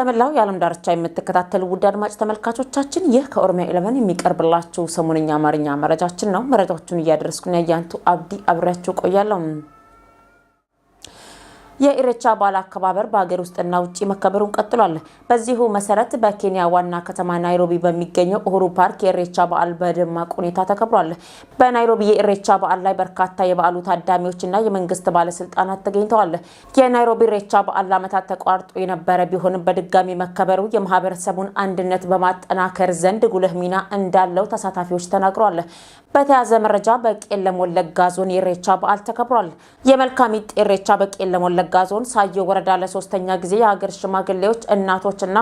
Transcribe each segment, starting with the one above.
ከመላው የዓለም ዳርቻ የምትከታተሉ ውድ አድማጭ ተመልካቾቻችን ይህ ከኦሮሚያ ኤሌቨን የሚቀርብላችሁ ሰሞነኛ አማርኛ መረጃችን ነው። መረጃዎቹን እያደረስኩን ያያንቱ አብዲ አብሬያችሁ ቆያለሁ። የኢሬቻ በዓል አከባበር በሀገር ውስጥና ውጭ መከበሩን ቀጥሏል። በዚሁ መሰረት በኬንያ ዋና ከተማ ናይሮቢ በሚገኘው ኡሁሩ ፓርክ የኢሬቻ በዓል በደማቅ ሁኔታ ተከብሯል። በናይሮቢ የኢሬቻ በዓል ላይ በርካታ የበዓሉ ታዳሚዎችና የመንግስት ባለስልጣናት ተገኝተዋል። የናይሮቢ ኢሬቻ በዓል ለዓመታት ተቋርጦ የነበረ ቢሆንም በድጋሚ መከበሩ የማህበረሰቡን አንድነት በማጠናከር ዘንድ ጉልህ ሚና እንዳለው ተሳታፊዎች ተናግረዋል። በተያዘ መረጃ በቄለም ወለጋ ዞን የኢሬቻ በዓል ተከብሯል። የመልካሚት ኢሬቻ በቄለም ወለጋ ዞን ሳየ ወረዳ ለሶስተኛ ጊዜ የሀገር ሽማግሌዎች፣ እናቶችና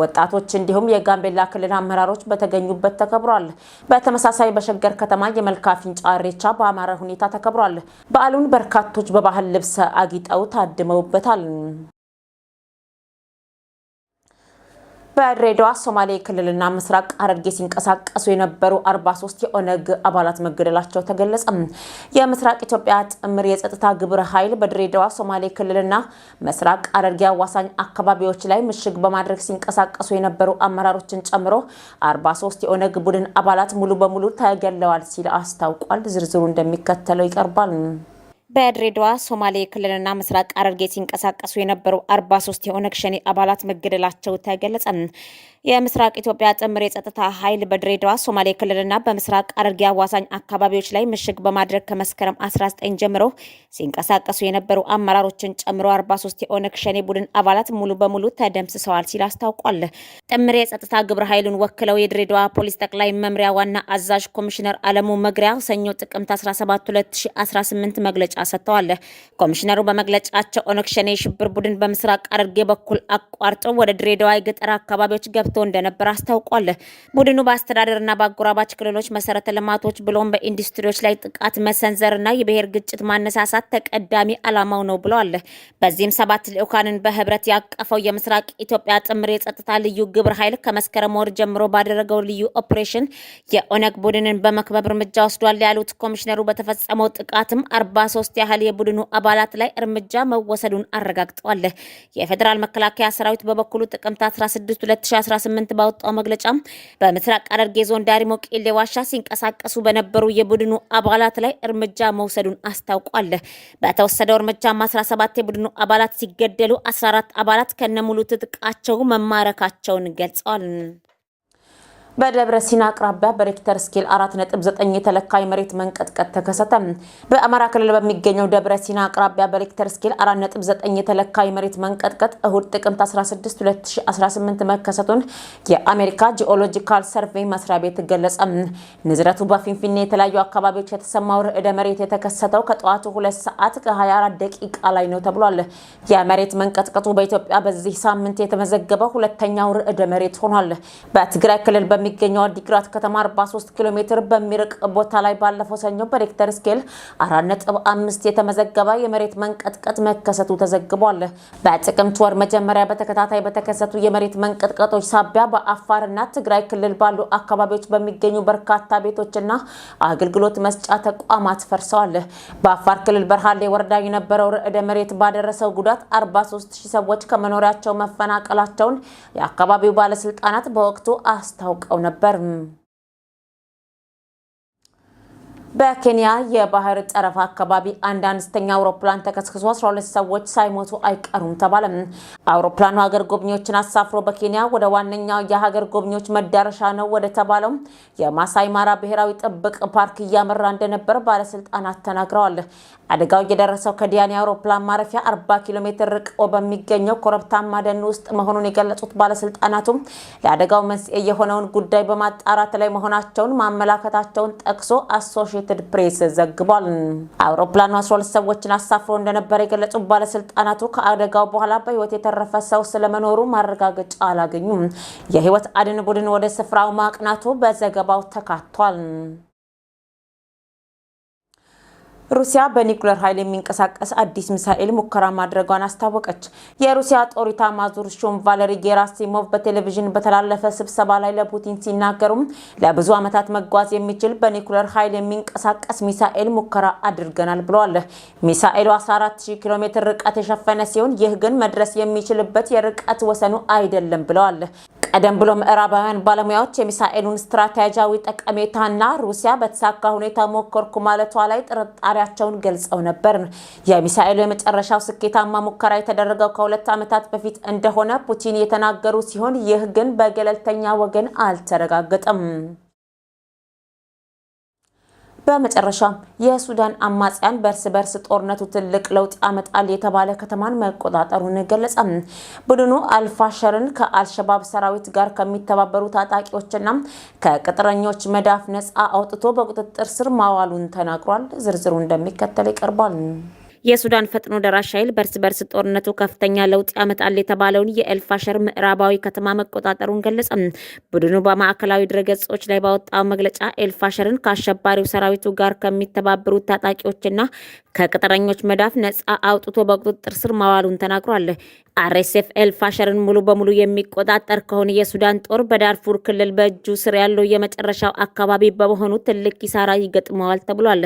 ወጣቶች እንዲሁም የጋምቤላ ክልል አመራሮች በተገኙበት ተከብሯል። በተመሳሳይ በሸገር ከተማ የመልካ ፊንጫ ኢሬቻ በአማረ ሁኔታ ተከብሯል። በዓሉን በርካቶች በባህል ልብስ አጊጠው ታድመውበታል። በድሬዳዋ ሶማሌ ክልልና ምስራቅ ሐረርጌ ሲንቀሳቀሱ የነበሩ 43 የኦነግ አባላት መገደላቸው ተገለጸ። የምስራቅ ኢትዮጵያ ጥምር የጸጥታ ግብረ ኃይል በድሬዳዋ ሶማሌ ክልልና ምስራቅ ሐረርጌ አዋሳኝ አካባቢዎች ላይ ምሽግ በማድረግ ሲንቀሳቀሱ የነበሩ አመራሮችን ጨምሮ 43 የኦነግ ቡድን አባላት ሙሉ በሙሉ ተገለዋል ሲል አስታውቋል። ዝርዝሩ እንደሚከተለው ይቀርባል። በድሬዳዋ ሶማሌ ክልልና ምስራቅ ሐረርጌ ሲንቀሳቀሱ የነበሩ 43 የኦነግ ሸኔ አባላት መገደላቸው ተገለጸ። የምስራቅ ኢትዮጵያ ጥምር የጸጥታ ኃይል በድሬዳዋ ሶማሌ ክልልና በምስራቅ ሐረርጌ አዋሳኝ አካባቢዎች ላይ ምሽግ በማድረግ ከመስከረም 19 ጀምሮ ሲንቀሳቀሱ የነበሩ አመራሮችን ጨምሮ 43 የኦነግ ሸኔ ቡድን አባላት ሙሉ በሙሉ ተደምስሰዋል ሲል አስታውቋል። ጥምር የጸጥታ ግብረ ኃይሉን ወክለው የድሬዳዋ ፖሊስ ጠቅላይ መምሪያ ዋና አዛዥ ኮሚሽነር አለሙ መግሪያ ሰኞ ጥቅምት 17 2018 መግለጫ ሰጥተዋል። ኮሚሽነሩ በመግለጫቸው ኦነግ ሸኔ የሽብር ቡድን በምስራቅ ሐረርጌ በኩል አቋርጦ ወደ ድሬዳዋ የገጠር አካባቢዎች ገብቶ እንደነበር አስታውቋል። ቡድኑ በአስተዳደርና በአጎራባች ክልሎች መሰረተ ልማቶች ብሎም በኢንዱስትሪዎች ላይ ጥቃት መሰንዘርና የብሔር ግጭት ማነሳሳት ተቀዳሚ ዓላማው ነው ብለዋል። በዚህም ሰባት ልዑካንን በህብረት ያቀፈው የምስራቅ ኢትዮጵያ ጥምር የጸጥታ ልዩ ግብረ ኃይል ከመስከረም ወር ጀምሮ ባደረገው ልዩ ኦፕሬሽን የኦነግ ቡድንን በመክበብ እርምጃ ወስዷል ያሉት ኮሚሽነሩ በተፈጸመው ጥቃትም አርባ ሶስት ያህል የቡድኑ አባላት ላይ እርምጃ መወሰዱን አረጋግጠዋል። የፌዴራል መከላከያ ሰራዊት በበኩሉ ጥቅምት 16 2018 ባወጣው መግለጫ በምስራቅ ሐረርጌ ዞን ዳሪሞ ቄሌ ዋሻ ሲንቀሳቀሱ በነበሩ የቡድኑ አባላት ላይ እርምጃ መውሰዱን አስታውቋል። በተወሰደው እርምጃ 17 የቡድኑ አባላት ሲገደሉ 14 አባላት ከነሙሉ ትጥቃቸው መማረካቸውን ገልጸዋል። በደብረ ሲና አቅራቢያ በሬክተር ስኬል 4.9 የተለካ የመሬት መንቀጥቀጥ ተከሰተ። በአማራ ክልል በሚገኘው ደብረ ሲና አቅራቢያ በሬክተር ስኬል 4.9 የተለካ የመሬት መንቀጥቀጥ እሁድ ጥቅምት 16 2018 መከሰቱን የአሜሪካ ጂኦሎጂካል ሰርቬይ መስሪያ ቤት ገለጸ። ንዝረቱ በፊንፊኔ የተለያዩ አካባቢዎች የተሰማው ርዕደ መሬት የተከሰተው ከጠዋቱ 2 ሰዓት ከ24 ደቂቃ ላይ ነው ተብሏል። የመሬት መንቀጥቀጡ በኢትዮጵያ በዚህ ሳምንት የተመዘገበው ሁለተኛው ርዕደ መሬት ሆኗል። በትግራይ ክልል በ በሚገኘው አዲግራት ከተማ 43 ኪሎ ሜትር በሚርቅ ቦታ ላይ ባለፈው ሰኞ በሬክተር ስኬል 4.5 የተመዘገበ የመሬት መንቀጥቀጥ መከሰቱ ተዘግቧል። በጥቅምት ወር መጀመሪያ በተከታታይ በተከሰቱ የመሬት መንቀጥቀጦች ሳቢያ በአፋርና ትግራይ ክልል ባሉ አካባቢዎች በሚገኙ በርካታ ቤቶችና አገልግሎት መስጫ ተቋማት ፈርሰዋል። በአፋር ክልል በርሃሌ ወረዳ የነበረው ርዕደ መሬት ባደረሰው ጉዳት 43 ሺህ ሰዎች ከመኖሪያቸው መፈናቀላቸውን የአካባቢው ባለስልጣናት በወቅቱ አስታውቀ a una part በኬንያ የባህር ጠረፍ አካባቢ አንድ አነስተኛ አውሮፕላን ተከስክሶ 12 ሰዎች ሳይሞቱ አይቀሩም ተባለ። አውሮፕላኑ ሀገር ጎብኚዎችን አሳፍሮ በኬንያ ወደ ዋነኛው የሀገር ጎብኚዎች መዳረሻ ነው ወደ ተባለው የማሳይ ማራ ብሔራዊ ጥብቅ ፓርክ እያመራ እንደነበር ባለስልጣናት ተናግረዋል። አደጋው የደረሰው ከዲያኔ አውሮፕላን ማረፊያ 40 ኪሎ ሜትር ርቆ በሚገኘው ኮረብታማ ደን ውስጥ መሆኑን የገለጹት ባለስልጣናቱም ለአደጋው መንስኤ የሆነውን ጉዳይ በማጣራት ላይ መሆናቸውን ማመላከታቸውን ጠቅሶ አሶሽ አሶሺየትድ ፕሬስ ዘግቧል። አውሮፕላኑ 12 ሰዎችን አሳፍሮ እንደነበረ የገለጹ ባለስልጣናቱ ከአደጋው በኋላ በህይወት የተረፈ ሰው ስለመኖሩ ማረጋገጫ አላገኙም። የህይወት አድን ቡድን ወደ ስፍራው ማቅናቱ በዘገባው ተካቷል። ሩሲያ በኒውክሌር ኃይል የሚንቀሳቀስ አዲስ ሚሳኤል ሙከራ ማድረጓን አስታወቀች። የሩሲያ ጦር ኢታማዦር ሹም ቫለሪ ጌራሲሞቭ በቴሌቪዥን በተላለፈ ስብሰባ ላይ ለፑቲን ሲናገሩም ለብዙ ዓመታት መጓዝ የሚችል በኒውክሌር ኃይል የሚንቀሳቀስ ሚሳኤል ሙከራ አድርገናል ብለዋል። ሚሳኤሉ 140 ኪሎ ሜትር ርቀት የሸፈነ ሲሆን ይህ ግን መድረስ የሚችልበት የርቀት ወሰኑ አይደለም ብለዋል። ቀደም ብሎ ምዕራባውያን ባለሙያዎች የሚሳኤሉን ስትራቴጂያዊ ጠቀሜታና ሩሲያ በተሳካ ሁኔታ ሞከርኩ ማለቷ ላይ ጥርጣሬያቸውን ገልጸው ነበር። የሚሳኤሉ የመጨረሻው ስኬታማ ሙከራ የተደረገው ከሁለት ዓመታት በፊት እንደሆነ ፑቲን የተናገሩ ሲሆን ይህ ግን በገለልተኛ ወገን አልተረጋገጠም። በመጨረሻ የሱዳን አማጽያን በእርስ በርስ ጦርነቱ ትልቅ ለውጥ ያመጣል የተባለ ከተማን መቆጣጠሩን ገለጸ። ቡድኑ አልፋሸርን ከአልሸባብ ሰራዊት ጋር ከሚተባበሩ ታጣቂዎችና ከቅጥረኞች መዳፍ ነፃ አውጥቶ በቁጥጥር ስር ማዋሉን ተናግሯል። ዝርዝሩ እንደሚከተል ይቀርባል። የሱዳን ፈጥኖ ደራሽ ኃይል በርስ በርስ ጦርነቱ ከፍተኛ ለውጥ ያመጣል የተባለውን የኤልፋሸር ምዕራባዊ ከተማ መቆጣጠሩን ገለጸ። ቡድኑ በማዕከላዊ ድረገጾች ላይ ባወጣው መግለጫ ኤልፋሸርን ከአሸባሪው ሰራዊቱ ጋር ከሚተባበሩት ታጣቂዎችና ከቅጥረኞች መዳፍ ነጻ አውጥቶ በቁጥጥር ስር ማዋሉን ተናግሯል። አርኤስኤፍ ኤልፋሸርን ሙሉ በሙሉ የሚቆጣጠር ከሆነ የሱዳን ጦር በዳርፉር ክልል በእጁ ስር ያለው የመጨረሻው አካባቢ በመሆኑ ትልቅ ኪሳራ ይገጥመዋል ተብሏል።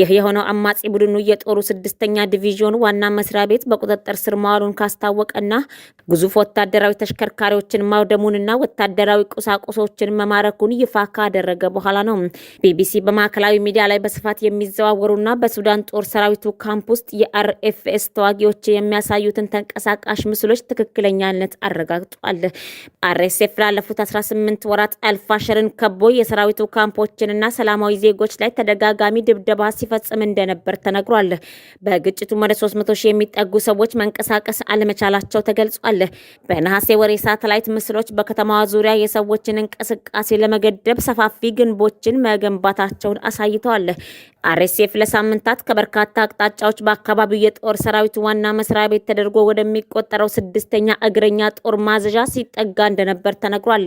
ይህ የሆነው አማጺ ቡድኑ የጦሩ ስድስተኛ ሶስተኛ ዲቪዥን ዋና መስሪያ ቤት በቁጥጥር ስር መዋሉን ካስታወቀና ግዙፍ ወታደራዊ ተሽከርካሪዎችን ማውደሙንና ወታደራዊ ቁሳቁሶችን መማረኩን ይፋ ካደረገ በኋላ ነው። ቢቢሲ በማዕከላዊ ሚዲያ ላይ በስፋት የሚዘዋወሩና በሱዳን ጦር ሰራዊቱ ካምፕ ውስጥ የአርኤፍኤስ ተዋጊዎች የሚያሳዩትን ተንቀሳቃሽ ምስሎች ትክክለኛነት አረጋግጧል። አርኤስኤፍ ላለፉት 18 ወራት አልፋሸርን ከቦ የሰራዊቱ ካምፖችንና ሰላማዊ ዜጎች ላይ ተደጋጋሚ ድብደባ ሲፈጽም እንደነበር ተነግሯል። በግጭቱ ወደ 300 ሺህ የሚጠጉ ሰዎች መንቀሳቀስ አለመቻላቸው ተገልጿል። በነሐሴ ወር የሳተላይት ምስሎች በከተማዋ ዙሪያ የሰዎችን እንቅስቃሴ ለመገደብ ሰፋፊ ግንቦችን መገንባታቸውን አሳይተዋል። አርኤስኤፍ ለሳምንታት ከበርካታ አቅጣጫዎች በአካባቢው የጦር ሰራዊት ዋና መስሪያ ቤት ተደርጎ ወደሚቆጠረው ስድስተኛ እግረኛ ጦር ማዘዣ ሲጠጋ እንደነበር ተነግሯል።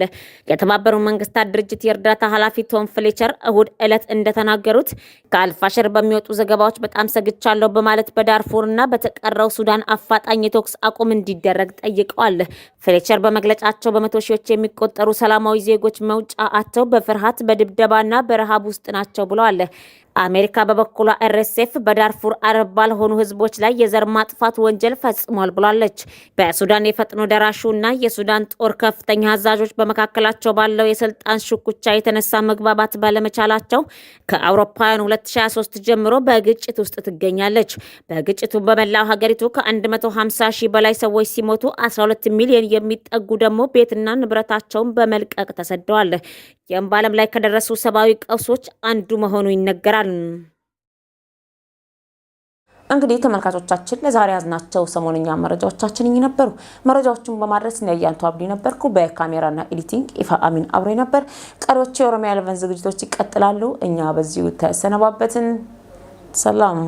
የተባበሩ መንግስታት ድርጅት የእርዳታ ኃላፊ ቶም ፍሌቸር እሁድ ዕለት እንደተናገሩት ከአልፋሸር በሚወጡ ዘገባዎች በጣም ሰግቻለሁ በማለት መሰረት በዳርፎርና በተቀረው ሱዳን አፋጣኝ የተኩስ አቁም እንዲደረግ ጠይቀዋል። ፍሌቸር በመግለጫቸው በመቶ ሺዎች የሚቆጠሩ ሰላማዊ ዜጎች መውጫ አጥተው በፍርሃት በድብደባና በረሃብ ውስጥ ናቸው ብለዋል። አሜሪካ በበኩሏ አርኤስኤፍ በዳርፉር አረብ ባልሆኑ ህዝቦች ላይ የዘር ማጥፋት ወንጀል ፈጽሟል ብላለች። በሱዳን የፈጥኖ ደራሹ እና የሱዳን ጦር ከፍተኛ አዛዦች በመካከላቸው ባለው የስልጣን ሽኩቻ የተነሳ መግባባት ባለመቻላቸው ከአውሮፓውያን 2023 ጀምሮ በግጭት ውስጥ ትገኛለች። በግጭቱ በመላው ሀገሪቱ ከ150 ሺህ በላይ ሰዎች ሲሞቱ 12 ሚሊዮን የሚጠጉ ደግሞ ቤትና ንብረታቸውን በመልቀቅ ተሰደዋል። ይህም በዓለም ላይ ከደረሱ ሰብአዊ ቀውሶች አንዱ መሆኑ ይነገራል። እንግዲህ ተመልካቾቻችን ለዛሬ ያዝናቸው ሰሞንኛ መረጃዎቻችን እኚህ ነበሩ። መረጃዎቹን በማድረስ ነያንቱ አብዲ ነበርኩ። በካሜራና ኤዲቲንግ ኢፋ አሚን አብሬ ነበር። ቀሪዎቹ የኦሮሚያ ኤሌቨን ዝግጅቶች ይቀጥላሉ። እኛ በዚሁ ተሰነባበትን። ሰላም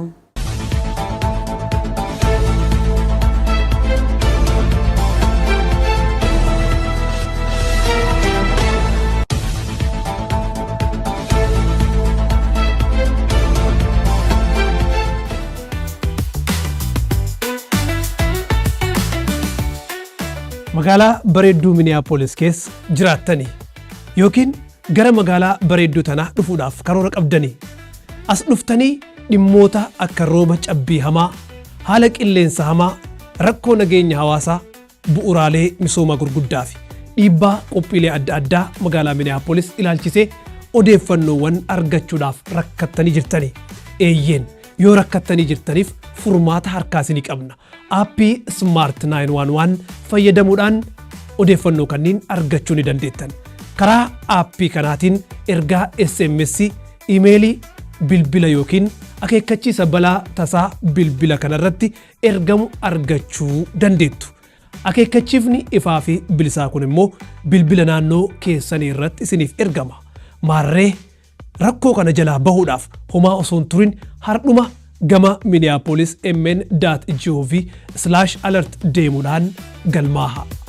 magaalaa bareedduu miniyaapoolis keessa jiraattanii yookiin gara magaalaa bareedduu tanaa dhufuudhaaf karoora qabdanii as dhuftanii dhimmoota akka rooba cabbii hamaa haala qilleensa hamaa rakkoo nageenya hawaasaa bu'uraalee misoomaa gurguddaa fi dhiibbaa qophiilee adda addaa magaalaa miniyaapoolis ilaalchisee odeeffannoowwan argachuudhaaf rakkattanii jirtanii eeyyeen yoo rakkattanii jirtaniif furmaata harkaas ni qabna aappii smaart one. fayyadamuudhaan odeeffannoo kanneen argachuu ni dandeettan. Karaa aappii kanaatiin ergaa SMS, imeelii, bilbila yookiin akeekkachiisa balaa tasaa bilbila kanarratti ergamu argachuu dandeettu. Akeekkachiifni ifaa fi bilisaa kun immoo bilbila naannoo keessanii irratti isiniif ergama. Maarree rakkoo kana jalaa bahuudhaaf homaa osoon hin turin hardhuma gama miniyaapolis mn gov alert deemuudhaan galmaaha.